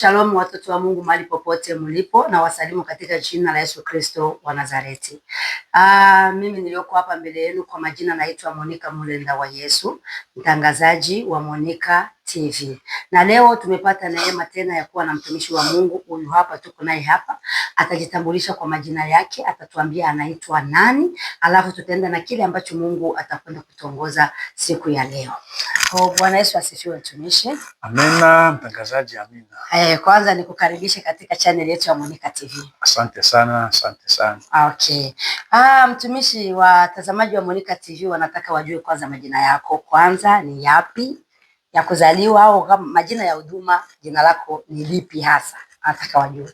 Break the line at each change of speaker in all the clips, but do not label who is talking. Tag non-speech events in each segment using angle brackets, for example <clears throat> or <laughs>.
Shalom watoto wa Mungu mahali popote mlipo, na wasalimu katika jina la Yesu Kristo wa Nazareti. Ah, mimi nilioko hapa mbele yenu kwa majina naitwa Monica Mulenda wa Yesu, mtangazaji wa Monica TV. Na leo tumepata neema tena ya kuwa na mtumishi wa Mungu. Huyu hapa tuko naye hapa, atajitambulisha kwa majina yake, atatuambia anaitwa nani, alafu tutaenda na kile ambacho Mungu atakwenda kutuongoza siku ya leo. Kwa Bwana Yesu asifiwe, mtumishi.
Amina, mtangazaji. Amina.
Eh, kwanza nikukaribishe katika channel yetu ya Monica TV.
Asante sana, asante sana.
Okay. Ah, mtumishi, watazamaji wa Monica TV wanataka wajue kwanza majina yako, kwanza ni yapi ya kuzaliwa au majina ya huduma, jina lako ni lipi hasa? Nataka wajue.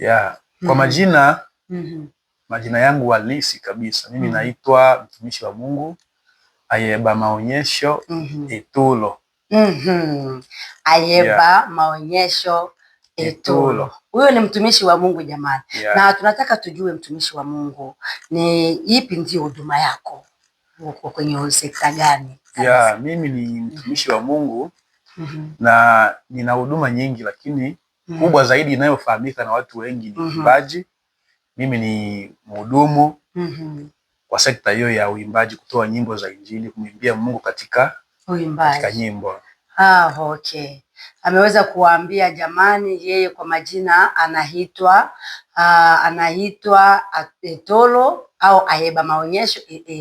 Yeah. Kwa mm -hmm. majina mm -hmm. majina yangu halisi kabisa mimi mm -hmm. naitwa mtumishi wa Mungu Ayeba Maonyesho mm -hmm. Itulo
mm -hmm. Ayeba yeah. Maonyesho Itulo. Huyo ni mtumishi wa Mungu jamani, yeah. na tunataka tujue mtumishi wa Mungu, ni ipi ndio huduma yako? uko kwenye sekta gani?
Ya, mimi ni mm-hmm. mtumishi wa Mungu mm -hmm. na nina huduma nyingi lakini mm -hmm. kubwa zaidi inayofahamika na watu wengi ni mm-hmm. uimbaji mm -hmm. mimi ni mhudumu mm -hmm. kwa sekta hiyo ya uimbaji, kutoa nyimbo za Injili, kumwimbia Mungu katika, katika nyimbo
Ah, okay. Ameweza kuwaambia jamani, yeye kwa majina anaitwa uh, anaitwa Etolo au Aheba Maonyesho e, e,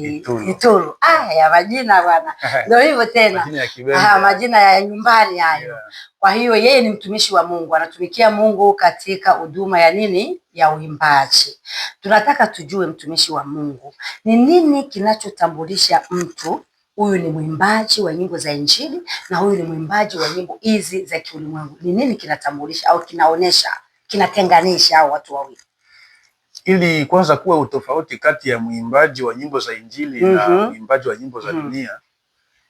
Itulu. Ah, ya majina bwana, <laughs> ndio hivyo tena Majina ya ah, majina ya nyumbani hayo. Yeah. Kwa hiyo yeye ni mtumishi wa Mungu, anatumikia Mungu katika huduma ya nini, ya uimbaji. Tunataka tujue mtumishi wa Mungu ni nini kinachotambulisha mtu huyu ni mwimbaji wa nyimbo za Injili na huyu ni mwimbaji wa nyimbo hizi za kiulimwengu. Ni nini kinatambulisha au kinaonesha kinatenganisha hao watu wawili?
Ili kwanza kuwa utofauti kati ya mwimbaji wa nyimbo za Injili mm -hmm. na mhm. mwimbaji wa nyimbo za mm -hmm. dunia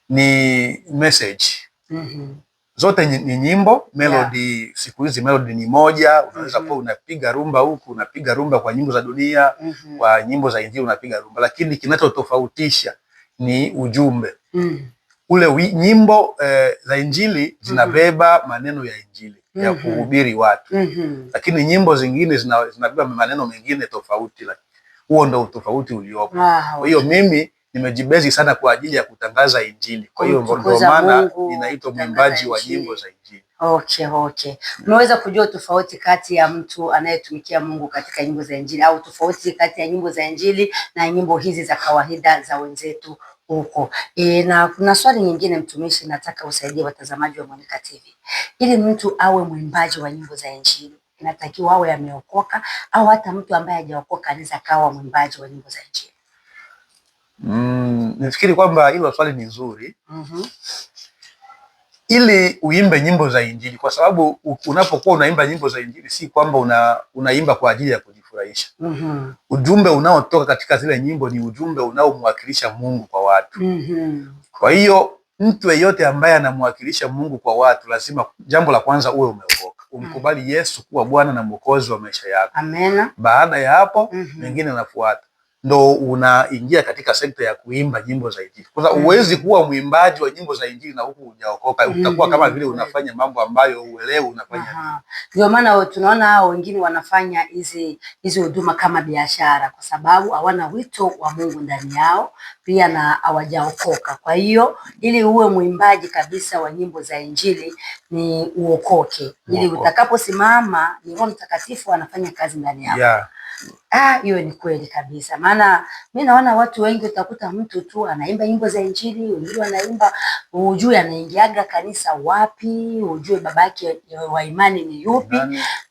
ni message mm -hmm. zote ni nyimbo melody yeah. siku hizi melody ni moja. Unaweza mhm. kuwa mm -hmm. unapiga rumba huku unapiga rumba kwa nyimbo za dunia mm -hmm. kwa nyimbo za Injili unapiga rumba, lakini kinachotofautisha ni ujumbe mm. Ule nyimbo eh, za injili zinabeba mm -hmm. maneno ya injili mm -hmm. ya mm-hmm. kuhubiri watu mm -hmm. lakini nyimbo zingine zina, zinabeba maneno mengine tofauti. Huo ndo utofauti uliopo. Ah, kwa hiyo mimi nimejibezi sana kwa ajili ya kutangaza injili, kwa hiyo ndio maana ninaitwa mwimbaji wa nyimbo za injili.
Okay, okay. Unaweza kujua tofauti kati ya mtu anayetumikia Mungu katika nyimbo za Injili au tofauti kati ya nyimbo za Injili na nyimbo hizi za kawaida za wenzetu huko. E, na kuna swali nyingine mtumishi, nataka usaidie watazamaji wa Monica TV. Ili mtu awe mwimbaji wa nyimbo za Injili inatakiwa awe ameokoka au hata mtu ambaye hajaokoka anaweza kawa mwimbaji wa nyimbo za Injili?
Mm, nifikiri kwamba hilo swali ni nzuri. mm -hmm ili uimbe nyimbo za Injili, kwa sababu unapokuwa unaimba nyimbo za Injili si kwamba una, unaimba kwa ajili ya kujifurahisha. mm -hmm. Ujumbe unaotoka katika zile nyimbo ni ujumbe unaomwakilisha Mungu kwa watu. mm -hmm. Kwa hiyo mtu yeyote ambaye anamwakilisha Mungu kwa watu, lazima jambo la kwanza uwe umeokoka, umkubali Yesu kuwa Bwana na Mwokozi wa maisha yako. Amena. Baada ya hapo mm -hmm. anafuata ndo unaingia katika sekta ya kuimba nyimbo za Injili. sababu mm. huwezi kuwa mwimbaji wa nyimbo za Injili na huku hujaokoka, mm. utakuwa kama vile unafanya mambo ambayo uelewe unafanya nini.
Ndio maana tunaona hao wengine wanafanya hizi hizi huduma kama biashara, kwa sababu hawana wito wa Mungu ndani yao, pia na hawajaokoka. Kwa hiyo ili uwe mwimbaji kabisa wa nyimbo za Injili ni uokoke, ili utakaposimama ni Roho Mtakatifu anafanya kazi ndani yako yeah. Ah, hiyo ni kweli kabisa, maana mi naona watu wengi, utakuta mtu tu anaimba nyimbo za Injili, wengine wanaimba, hujue anaingiaga kanisa wapi, ujue babake wa imani ni yupi.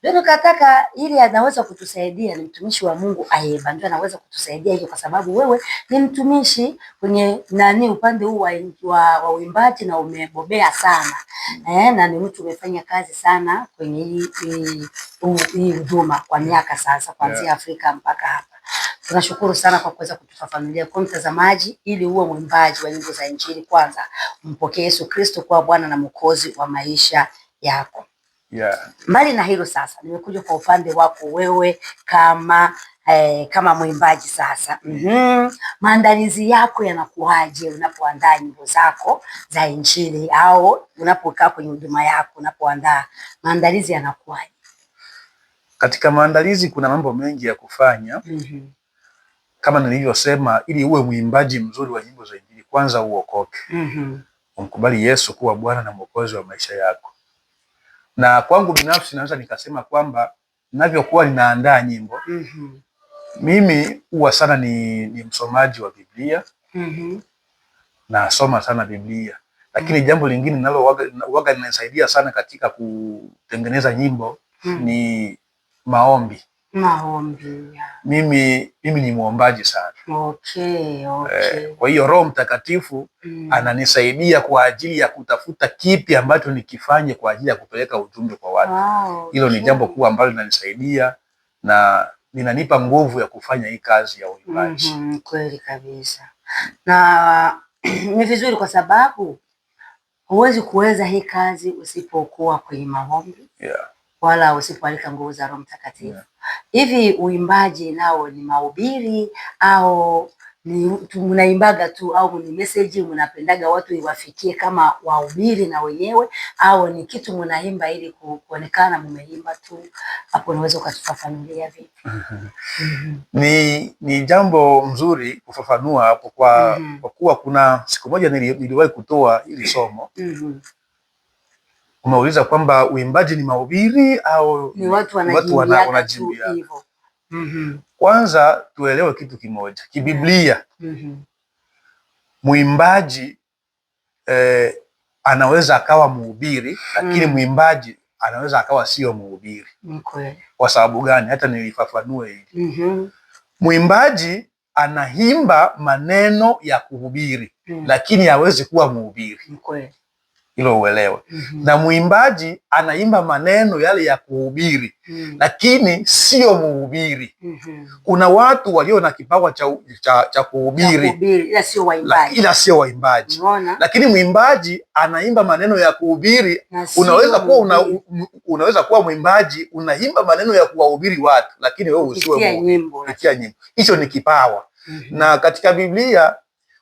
Ndio nikataka ili anaweza kutusaidia, ni mtumishi wa Mungu Ayeba, ndio anaweza kutusaidia hiyo, kwa sababu wewe ni mtumishi kwenye nani, upande huu wa uimbaji na umebobea sana eh, na ni mtu umefanya kazi sana kwenye hii huduma kwa miaka sasa, kuanzia Afrika kufika mpaka hapa. Tunashukuru sana kwa kuweza kutufafanulia. Kwa mtazamaji, ili uwe mwimbaji wa nyimbo za Injili, kwanza mpokee Yesu Kristo kuwa Bwana na Mwokozi wa maisha yako. Yeah. Mbali na hilo sasa, nimekuja kwa upande wako wewe kama eh, kama mwimbaji sasa. mm -hmm. Maandalizi yako yanakuaje unapoandaa nyimbo zako za Injili au unapokaa kwenye huduma yako unapoandaa, maandalizi yanakuaje?
Katika maandalizi kuna mambo mengi ya kufanya mm -hmm. Kama nilivyosema, ili uwe mwimbaji mzuri wa nyimbo za Injili, kwanza uokoke mm -hmm. Umkubali Yesu kuwa Bwana na Mwokozi wa maisha yako. Na kwangu binafsi naweza nikasema kwamba ninavyokuwa ninaandaa nyimbo mm -hmm. Mimi huwa sana ni, ni msomaji wa Biblia mm -hmm. Nasoma sana Biblia lakini jambo lingine nalo waga linanisaidia sana katika kutengeneza nyimbo mm. ni maombi
maombi.
Mimi, mimi ni mwombaji sana.
Okay, okay. Eh,
kwa hiyo Roho Mtakatifu mm. ananisaidia kwa ajili ya kutafuta kipi ambacho nikifanye kwa ajili ya kupeleka ujumbe kwa watu. Wow, hilo okay. ni jambo kuu ambalo linanisaidia na linanipa nguvu ya kufanya hii kazi ya uimbaji. mm -hmm,
kweli kabisa na <clears throat> ni vizuri kwa sababu huwezi kuweza hii kazi usipokuwa kwenye maombi yeah wala usipoalika nguvu za Roho Mtakatifu. Hivi yeah. Uimbaji nao ni mahubiri au mnaimbaga tu au ni meseji mnapendaga watu iwafikie kama wahubiri na wenyewe, au ni kitu mnaimba ili kuonekana mmeimba tu? Hapo unaweza ukatufafanulia vipi? mm <laughs>
-hmm. Ni, ni jambo mzuri kufafanua hapo kwa, mm -hmm. kwa kuwa kuna siku moja niliwahi kutoa ili somo mm -hmm umeuliza kwamba uimbaji ni mahubiri au ni watu wanajimbia hivyo. mm -hmm. Kwanza tuelewe kitu kimoja kibiblia. mm mm-hmm. muimbaji Eh, anaweza akawa mhubiri lakini mm. mwimbaji mm. anaweza akawa sio mhubiri okay. Kwa sababu gani? Hata nilifafanue hili mm -hmm. anahimba maneno ya kuhubiri mm. lakini hawezi kuwa mhubiri okay hilo uelewe. mm -hmm. Na mwimbaji anaimba maneno yale ya kuhubiri mm -hmm. lakini sio muhubiri. mm -hmm. Kuna watu walio na kipawa cha, cha, cha kuhubiri ila sio waimbaji, lakini mwimbaji anaimba maneno ya kuhubiri. Unaweza kuwa una, unaweza kuwa mwimbaji unaimba maneno ya kuwahubiri watu, lakini wewe usiwe nyimbo. Hicho ni kipawa. mm -hmm. Na katika Biblia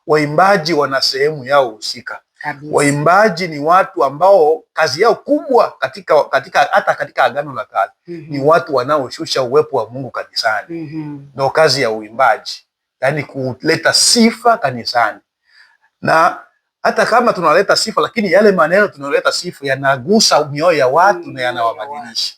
waimbaji wana sehemu yao husika kabisa. Waimbaji ni watu ambao kazi yao kubwa katika katika hata katika Agano la Kale mm -hmm. ni watu wanaoshusha uwepo wa Mungu kanisani mm -hmm. ndio kazi ya uimbaji, yaani kuleta sifa kanisani, na hata kama tunaleta sifa, lakini yale maneno tunaleta sifa yanagusa mioyo ya watu mm -hmm. na yanawabadilisha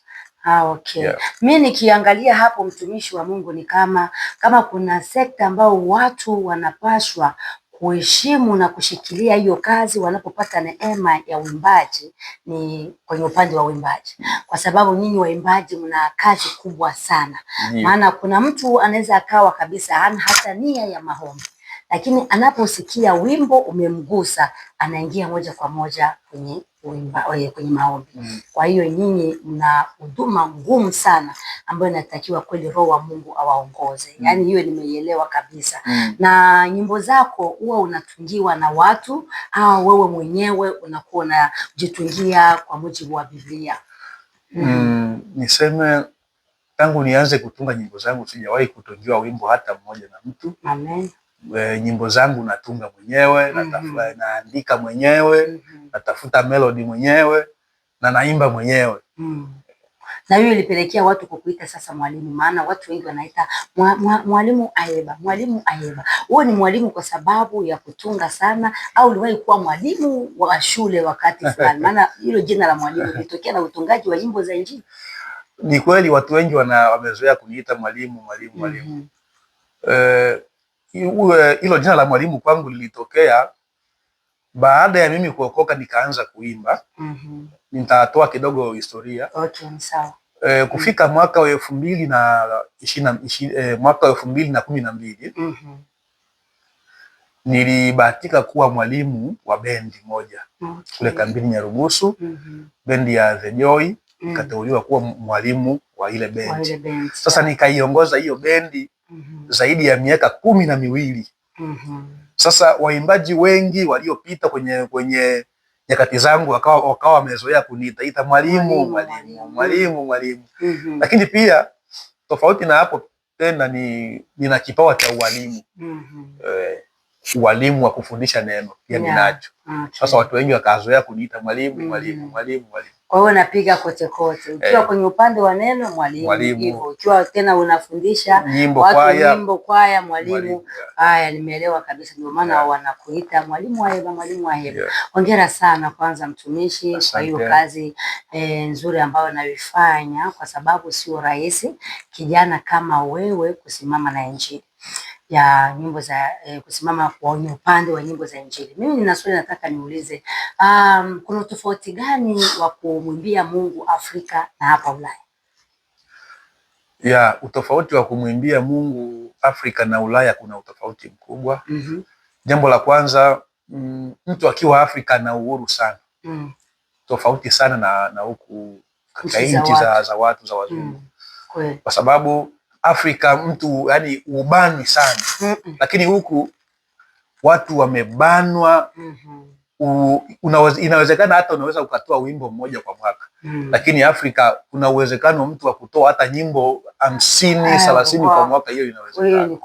Ah, okay. Yeah. Mi nikiangalia hapo mtumishi wa Mungu ni kama kama kuna sekta ambao watu wanapaswa kuheshimu na kushikilia hiyo kazi wanapopata neema ya uimbaji ni kwenye upande wa uimbaji, kwa sababu nyinyi waimbaji mna kazi kubwa sana Maana kuna mtu anaweza akawa kabisa hana hata nia ya maombi, lakini anaposikia wimbo umemgusa, anaingia moja kwa moja kwenye kuimba eh, kwenye maombi mm. Kwa hiyo nyinyi mna huduma ngumu sana ambayo inatakiwa kweli Roho wa Mungu awaongoze mm. Yaani hiyo nimeielewa kabisa mm. Na nyimbo zako huwa unatungiwa na watu au wewe mwenyewe unakuwa unajitungia kwa mujibu wa Biblia?
mm. Mm, niseme tangu nianze kutunga nyimbo zangu sijawahi kutungiwa wimbo hata mmoja na mtu. Amen e, nyimbo zangu natunga mwenyewe mm -hmm. naandika mwenyewe mm -hmm. natafuta melodi mwenyewe na naimba mwenyewe mm.
Na hiyo ilipelekea watu kukuita sasa mwalimu, maana watu wengi wanaita mwalimu Ayeba, mwalimu Ayeba. Wewe ni mwalimu kwa sababu ya kutunga sana, au uliwahi kuwa mwalimu wa shule wakati fulani? <laughs> Maana hilo jina la mwalimu litokea na utungaji wa nyimbo za Injili.
Ni kweli watu wengi wana wamezoea kuniita mwalimu, mwalimu, mwalimu. mm -hmm. eh, hilo jina la mwalimu kwangu lilitokea baada ya mimi kuokoka, nikaanza kuimba mm -hmm. Nitatoa kidogo historia
okay, sawa.
E, kufika mwaka wa elfu mbili na ishina, ishi, e, mwaka wa elfu mbili na kumi na mbili mm -hmm. Nilibahatika kuwa mwalimu wa bendi moja okay. Kule kambini Nyarugusu mm -hmm. Bendi ya The Joy nikateuliwa mm. kuwa mwalimu wa ile bendi. Sasa nikaiongoza hiyo bendi -hmm. zaidi ya miaka kumi na miwili mm -hmm. Sasa waimbaji wengi waliopita kwenye kwenye nyakati zangu wakawa wakawa wamezoea kuniitaita mwalimu mwalimu mwalimu mwalimu mm -hmm. Lakini pia tofauti na hapo tena ni nina kipawa cha ualimu mm -hmm. eh, walimu wa kufundisha neno pia ninacho. Okay. Sasa watu wengi wakazoea kuniita mwalimu mm. mwalimu mwalimu mwalimu.
Kwa hiyo napiga kote kote, ukiwa eh. kwenye upande wa neno mwalimu hivyo, ukiwa tena unafundisha nyimbo kwaya, nyimbo kwaya mwalimu. Haya, nimeelewa kabisa, ndio maana yeah, wanakuita mwalimu wa heba, mwalimu wa heba. Yeah. Hongera sana kwanza mtumishi kwa hiyo kazi e, nzuri ambayo naifanya, kwa sababu sio rahisi kijana kama wewe kusimama na Injili ya nyimbo za eh, kusimama kwenye upande wa nyimbo za Injili. Mimi nina swali nataka niulize, um, kuna tofauti gani wa kumwimbia Mungu Afrika na hapa Ulaya?
Ya utofauti wa kumwimbia Mungu Afrika na Ulaya kuna utofauti mkubwa. mm -hmm. Jambo la kwanza, mm, mtu akiwa Afrika ana uhuru sana. mm. Tofauti sana na huku katika nchi za, za watu za wazungu. mm. Kwa sababu Afrika mtu yani ubanwi sana mm -mm. Lakini huku watu wamebanwa mm -hmm. Inawezekana hata unaweza ukatoa wimbo mmoja kwa mwaka mm -hmm. Lakini Afrika kuna uwezekano mtu wa kutoa hata nyimbo hamsini eh, thelathini kwa mwaka, hiyo inawezekana.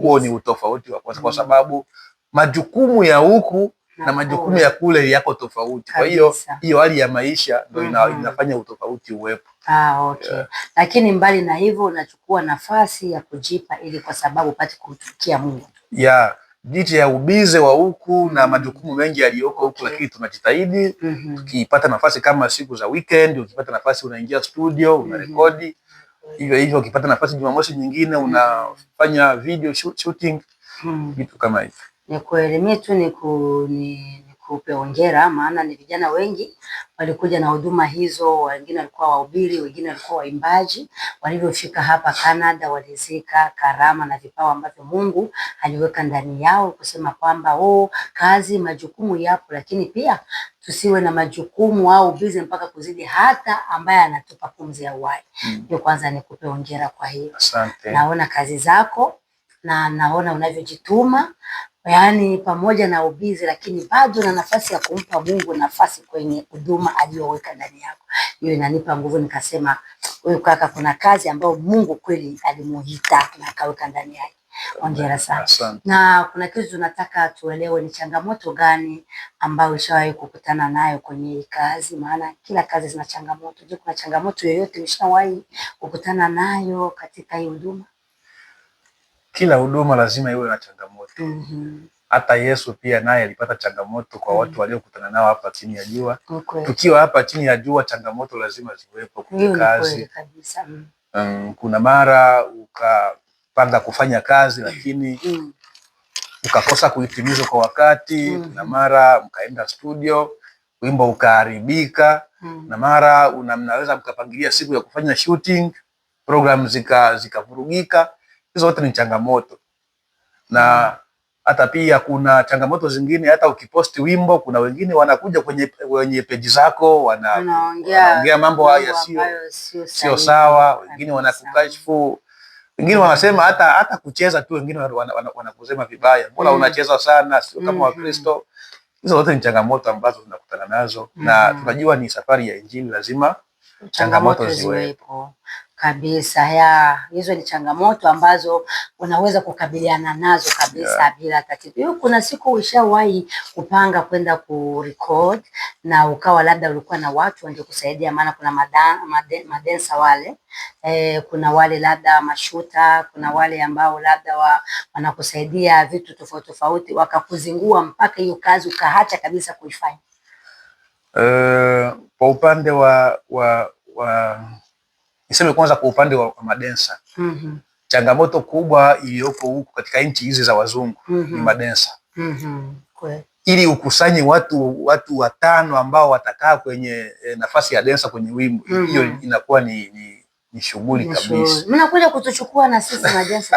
Huo ni utofauti wa kwa mm. sababu majukumu ya huku na majukumu ya kule yako tofauti. Kwa hiyo hiyo hali ya maisha ndio mm -hmm. inafanya utofauti uwepo.
Ah, okay. Yeah. Lakini mbali na hivyo unachukua nafasi ya kujipa ili kwa sababu upate kumtumikia Mungu.
Yeah. Jiti ya ubize wa huku na mm-hmm. majukumu mengi yaliyoko huku okay. Lakini tunajitahidi mm -hmm. Tukipata nafasi kama siku za weekend, ukipata nafasi unaingia studio mm-hmm. unarekodi mm -hmm. Hivyo hivyo ukipata nafasi Jumamosi nyingine mm-hmm. unafanya video shooting vitu mm -hmm. kama hivyo.
Nikuelimie tu ni, ku, ni, ni kupe ongera, maana ni vijana wengi walikuja na huduma hizo. Wengine walikuwa wahubiri, wengine walikuwa waimbaji. Walivyofika hapa Canada walizika karama na vipawa ambavyo Mungu aliweka ndani yao, kusema kwamba oh, kazi majukumu yapo, lakini pia tusiwe na majukumu au bize mpaka kuzidi hata ambaye anatupa pumzi ya uhai. Hmm. Ndio hmm. Kwanza kupe ongera kwa hiyo, naona kazi zako na naona unavyojituma yaani pamoja na ubizi, lakini bado na nafasi ya kumpa Mungu nafasi kwenye huduma aliyoweka ndani yako. Hiyo inanipa nguvu, nikasema huyu kaka, kuna kazi ambayo Mungu kweli alimuhita na akaweka ndani yake. Hongera sana. Na kuna kitu tunataka tuelewe, ni changamoto gani ambayo ushawahi kukutana nayo kwenye kazi? Maana kila kazi zina changamoto. Je, kuna changamoto yoyote ushawahi kukutana nayo katika hii huduma?
kila huduma lazima iwe na changamoto. mm hata Yesu pia naye alipata changamoto kwa mm -hmm. watu mhm. waliokutana nao hapa chini ya jua. okay. Tukiwa hapa chini ya jua, changamoto lazima ziwepo kwenye kazi. Mm. mm, kuna mara ukapanga kufanya kazi lakini mm -hmm ukakosa kuitimiza kwa wakati mm -hmm. na mara mkaenda studio wimbo ukaharibika mm -hmm. na mara mnaweza mkapangilia siku ya kufanya shooting program zikavurugika, zika Hizo zote ni changamoto na hata pia kuna changamoto zingine, hata ukiposti wimbo, kuna wengine wanakuja kwenye, kwenye peji zako wanaongea mambo haya sio sawa, wengine wanakukashfu, wengine wanasema hata hata kucheza tu, wengine wanakusema vibaya, mbona mm. unacheza sana, sio kama mm-hmm. Wakristo. Hizo zote ni changamoto ambazo tunakutana nazo, na mm-hmm. tunajua ni safari ya Injili, lazima changamoto ziwepo
kabisa ya hizo ni changamoto ambazo unaweza kukabiliana nazo kabisa yeah, bila tatizo. Hiyo kuna siku ushawahi kupanga kwenda kurecord na ukawa labda ulikuwa na watu wange kusaidia, maana kuna madan, made, wale e, kuna wale labda mashuta, kuna wale ambao labda wa, wanakusaidia vitu tofauti tofauti, wakakuzingua mpaka hiyo kazi ukaacha kabisa kuifanya?
Uh, kwa upande wa, wa, wa Niseme kwanza kwa upande wa madensa mm -hmm. Changamoto kubwa iliyopo huku katika nchi hizi za wazungu mm -hmm. ni mhm. madensa mm -hmm. Ili ukusanye watu watu watano ambao watakaa kwenye eh, nafasi ya densa kwenye wimbo hiyo mm -hmm. inakuwa ni, ni ni shughuli kabisa.
nakuja kutuchukua na sisi majenzi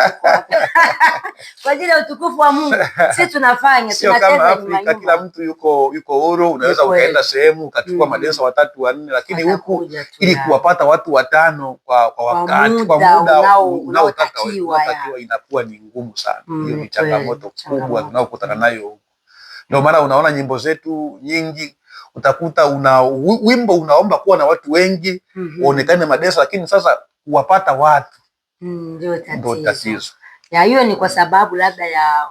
<laughs> kwa ajili ya utukufu wa Mungu. Sisi tunafanya
sio kama Afrika, kila mtu yuko yuko huru, unaweza ukaenda sehemu ukachukua mm. madensa watatu wanne, lakini huku ili kuwapata watu watano kwa, kwa wakati kwa muda unaotakiwa inakuwa ni ngumu sana. Mm, Hiyo ni changamoto kubwa tunaokutana nayo huku, ndio maana unaona nyimbo zetu nyingi utakuta una wimbo unaomba kuwa na watu wengi mhm. uonekane mm -hmm. madesa, lakini sasa kuwapata watu
mm, ndio mm, tatizo. Ya hiyo ni kwa sababu labda ya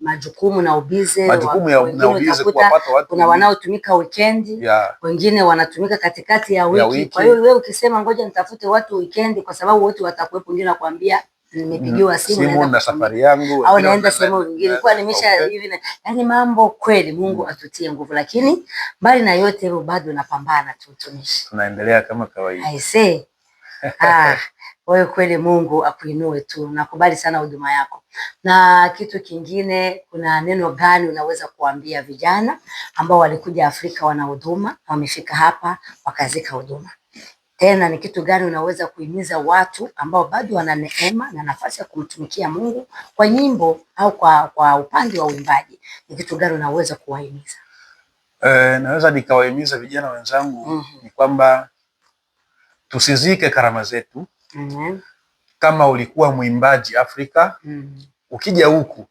majukumu na ubize, majukumu ya na ubize kuwapata watu. Kuna wanaotumika weekend, wengine wanatumika katikati ya wiki. Kwa hiyo wewe ukisema ngoja nitafute watu weekend, kwa sababu wote watakuwepo, ndio nakwambia nimepigiwa simu
na safari yangu
au naenda sehemu nyingine, kwa nimesha hivi, yani mambo kweli. Mungu atutie nguvu, lakini mbali na yote hivyo bado napambana tu, mtumishi,
tunaendelea kama kawaida.
I see <laughs> ah, wewe kweli, Mungu akuinue tu. Nakubali sana huduma yako. Na kitu kingine, kuna neno gani unaweza kuambia vijana ambao walikuja Afrika wana huduma, wamefika hapa wakazika huduma? Tena ni kitu gani unaweza kuhimiza watu ambao bado wana neema na nafasi ya kumtumikia Mungu kwa nyimbo au kwa, kwa upande wa uimbaji, ni kitu gani unaweza kuwahimiza?
Eh, naweza nikawahimiza vijana wenzangu mm -hmm. ni kwamba tusizike karama zetu mm -hmm. kama ulikuwa mwimbaji Afrika mm -hmm. ukija huku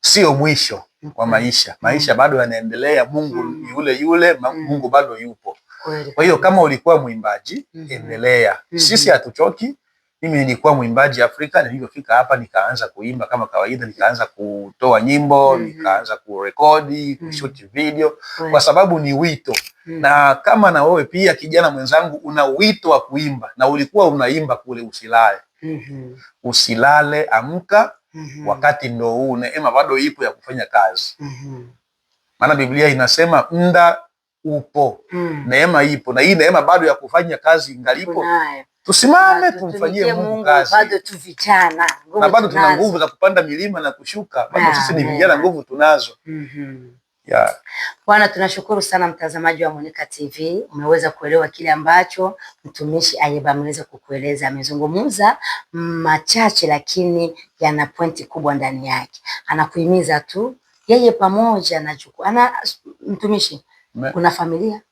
sio mwisho wa mhm. maisha, maisha mhm. bado yanaendelea. Mungu ni mhm. yule yule, Mungu bado yupo. Kwa hiyo kama ulikuwa mwimbaji mm -hmm. endelea mm -hmm. sisi hatuchoki. Mimi nilikuwa mwimbaji Afrika, nilivyofika hapa nikaanza kuimba kama kawaida, nikaanza kutoa nyimbo mm -hmm. nikaanza kurekodi, mhm. kushoot video mm -hmm. kwa sababu ni wito mm -hmm. na kama na wewe pia kijana mwenzangu una wito wa kuimba na ulikuwa unaimba kule, usilale mm -hmm. usilale, amka mm -hmm. wakati ndo huu, neema bado ipo ya kufanya kazi mm -hmm. maana Biblia inasema mda upo mm. Neema ipo na hii neema bado ya kufanya kazi ngalipo Tusimame tumfanyie Mungu kazi,
bado tu vijana
na bado tuna nguvu za kupanda milima na kushuka, bado sisi ni vijana, nguvu tunazo. mm -hmm.
Yeah. Bwana, tunashukuru sana mtazamaji wa Monica TV, umeweza kuelewa kile ambacho mtumishi Ayuba ameweza kukueleza. Amezungumza machache, lakini yana pointi kubwa ndani yake. Anakuhimiza tu yeye pamoja na chukua ana mtumishi Una familia?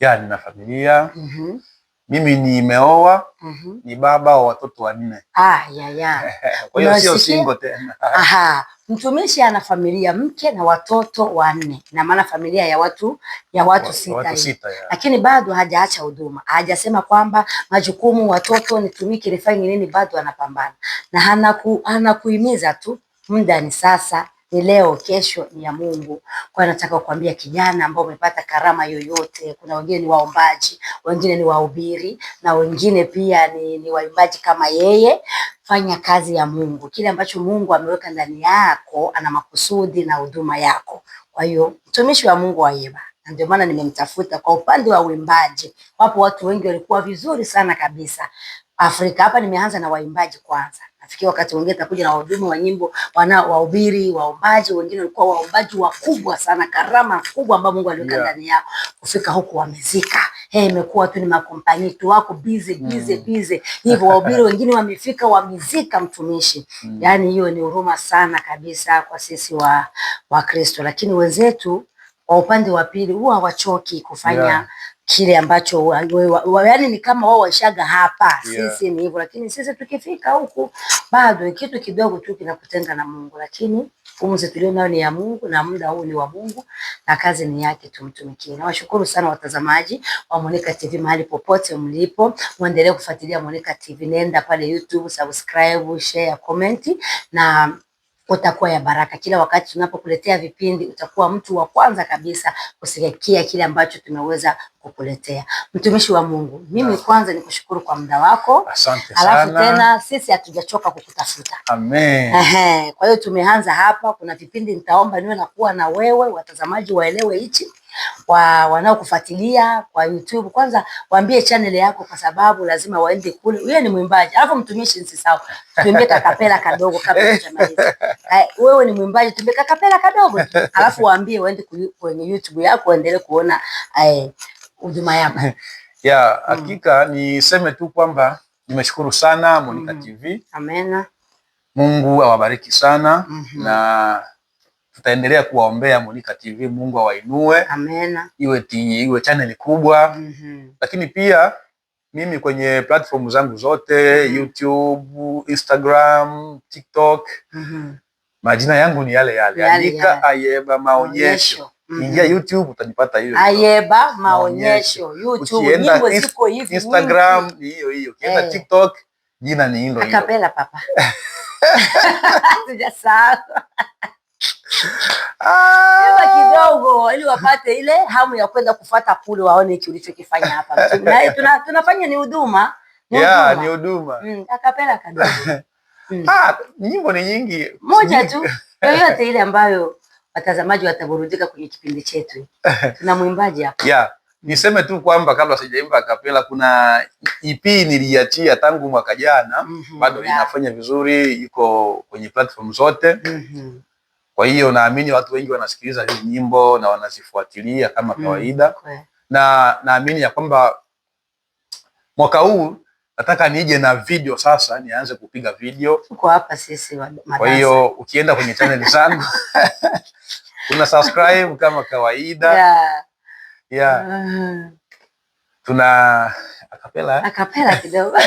Ya, nina familia. mm -hmm. Mimi nimeoa. mm -hmm. Ni baba wa watoto wanne.
Ah, ya ya. <laughs> Kwa hiyo sio single tena. <laughs> Aha, mtumishi ana familia, mke na watoto wanne, na maana familia ya watu ya watu wa, sita, watu sita Lakini bado hajaacha huduma, hajasema kwamba majukumu, watoto, nitumike, nifanye nini, bado anapambana na hanaku, anakuhimiza tu muda ni sasa ni leo, kesho ni ya Mungu. Kwa nataka kukuambia kijana, ambao umepata karama yoyote, kuna wengine ni waombaji, wengine ni wahubiri na wengine pia ni, ni waimbaji kama yeye. Fanya kazi ya Mungu, kile ambacho Mungu ameweka ndani yako, ana makusudi na huduma yako. Kwa hiyo mtumishi wa Mungu Ayeba ndio maana nimemtafuta. Kwa upande wa uimbaji, wapo watu wengi walikuwa vizuri sana kabisa Afrika hapa. Nimeanza na waimbaji kwanza, Fikia wakati mwingine tutakuja na wahudumu wa nyimbo, wana wahubiri, waombaji, wengine walikuwa waombaji wakubwa sana, karama kubwa ambayo Mungu aliweka yeah. ndani yao. Kufika huku wamezika. Hey, imekuwa tu ni makompanyi tu wako busy busy mm. busy hivyo, wahubiri wengine wamefika wamezika mtumishi mm. Yani hiyo ni huruma sana kabisa kwa sisi wa Wakristo, lakini wenzetu kwa upande wa pili huwa hawachoki kufanya yeah kile ambacho wa, yani ni kama wao washaga hapa yeah. ni hivyo, lakini sisi tukifika huku bado kitu kidogo tu kinakutenga na Mungu, lakini pumzi tulio nayo ni ya Mungu na muda huu ni wa Mungu na kazi ni yake, tumtumikie. Nawashukuru sana watazamaji wa Monica TV mahali popote mlipo, muendelee kufuatilia Monica TV, nenda pale YouTube, subscribe, share, comment na utakuwa ya baraka. Kila wakati tunapokuletea vipindi, utakuwa mtu wa kwanza kabisa kusikia kile ambacho tunaweza kukuletea. Mtumishi wa Mungu, mimi kwanza ni kushukuru kwa muda wako. Asante sana. Alafu tena sisi hatujachoka kukutafuta.
Amen.
kwa hiyo tumeanza hapa, kuna vipindi nitaomba niwe nakuwa na wewe, watazamaji waelewe hichi kwa wanaokufuatilia kwa YouTube kwanza waambie channel yako kwa sababu lazima waende kule. Wewe ni mwimbaji. Alafu mtumishi, shinsi sawa. Tuimbie kakapela kadogo kabla tujamaliza. Wewe ni mwimbaji, tuimbe kakapela kadogo. Alafu waambie waende kwenye YouTube yako waendelee kuona huduma yako. <laughs>
Ya, hakika mm. niseme tu kwamba nimeshukuru sana Monica mm. TV. Amena. Mungu awabariki sana mm -hmm. na tutaendelea kuwaombea Monika TV, Mungu awainue, amena, iwe ti, iwe channel kubwa mm -hmm. Lakini pia mimi kwenye platform zangu zote mm -hmm. YouTube, Instagram, TikTok mm -hmm. majina yangu ni yale yale, yale andika Ayeba Maonyesho. Mm -hmm. Ingia YouTube utanipata hiyo.
Ayeba Maonyesho,
YouTube, nyimbo ziko hivi. Instagram ni hiyo hiyo. Ukienda eh. TikTok jina ni hilo hilo.
Akapela papa. <laughs> <laughs> Sijasahau. Ah. kidogo ili wapate ile hamu ya kwenda kufuata kule, waone hiki ulichokifanya hapa. <laughs> Tuna, tunafanya ni huduma yeah, ni huduma mm, akapela kadogo <laughs>
mm. Ah, nyimbo ni nyingi,
moja tu <laughs> yoyote ile ambayo watazamaji wataburudika kwenye kipindi chetu. Tuna mwimbaji hapa
yeah. Niseme tu kwamba kabla sijaimba kapela, kuna EP niliachia tangu mwaka jana mm -hmm, bado yeah, inafanya vizuri, iko kwenye platform zote mm -hmm. Kwa hiyo naamini watu wengi wanasikiliza hizi nyimbo na wanazifuatilia kama mm, kawaida mm. na naamini ya kwamba mwaka huu nataka nije na video sasa, nianze kupiga video.
Tuko hapa sisi madarasa.
Kwa hiyo ukienda kwenye channel zangu <laughs> una subscribe kama kawaida yeah. Yeah. Mm. tuna akapela eh?
akapela kidogo <laughs>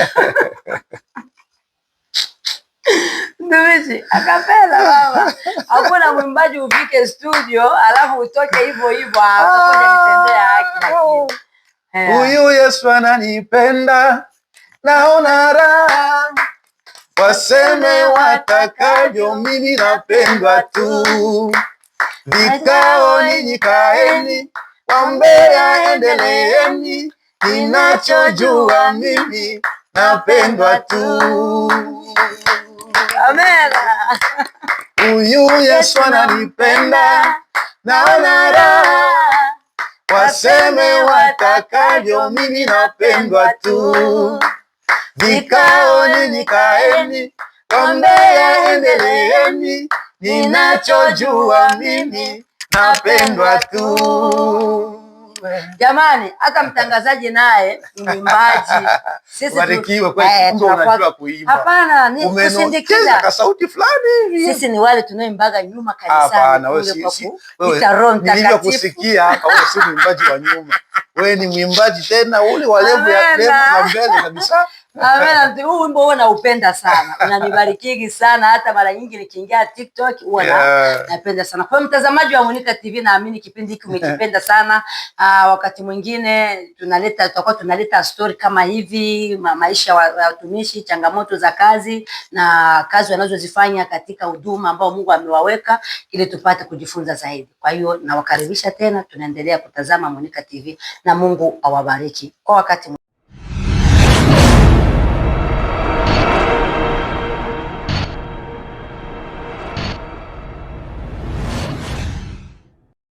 Mtumishi akapela baba, hakuna mwimbaji ufike studio alafu utoke hivyo hivyo, ah, ah, nitendea haki. Oh.
Eh. Huyu Yesu ananipenda, naona raha, waseme watakavyo, mimi napendwa tu. Vikao ninyi kaeni, wambea endeleeni, ninachojua mimi napendwa tu. Huyu Yesu ananipenda, na nara waseme watakavyo, mimi napendwa tu. nini, kaeni ombea endeleeni, ninachojua mimi napendwa tu.
Jamani, hata mtangazaji naye ni mwimbaji. <laughs>
Sisi eh, kuimba.
Hapana, kusindikiza
kwa sauti fulani.
Sisi ni wale tunaoimbaga nyuma kanisani. Hapana, wewe si wewe.
Nilivyokusikia kama si mwimbaji wa nyuma. Wewe ni mwimbaji tena ule wa level ya mbele kabisa.
Ah, huu wimbo huwa naupenda sana, unanibarikigi sana hata mara nyingi nikiingia TikTok huwa yeah. napenda sana. Kwa mtazamaji wa Monica TV, naamini kipindi hiki umekipenda sana. Aa, ah, wakati mwingine tunaleta tutakuwa tunaleta story kama hivi, ma maisha ya watumishi, changamoto za kazi na kazi wanazozifanya katika huduma ambao Mungu amewaweka ili tupate kujifunza zaidi. Kwa hiyo nawakaribisha tena, tunaendelea kutazama Monica TV na Mungu awabariki kwa wakati mwingine.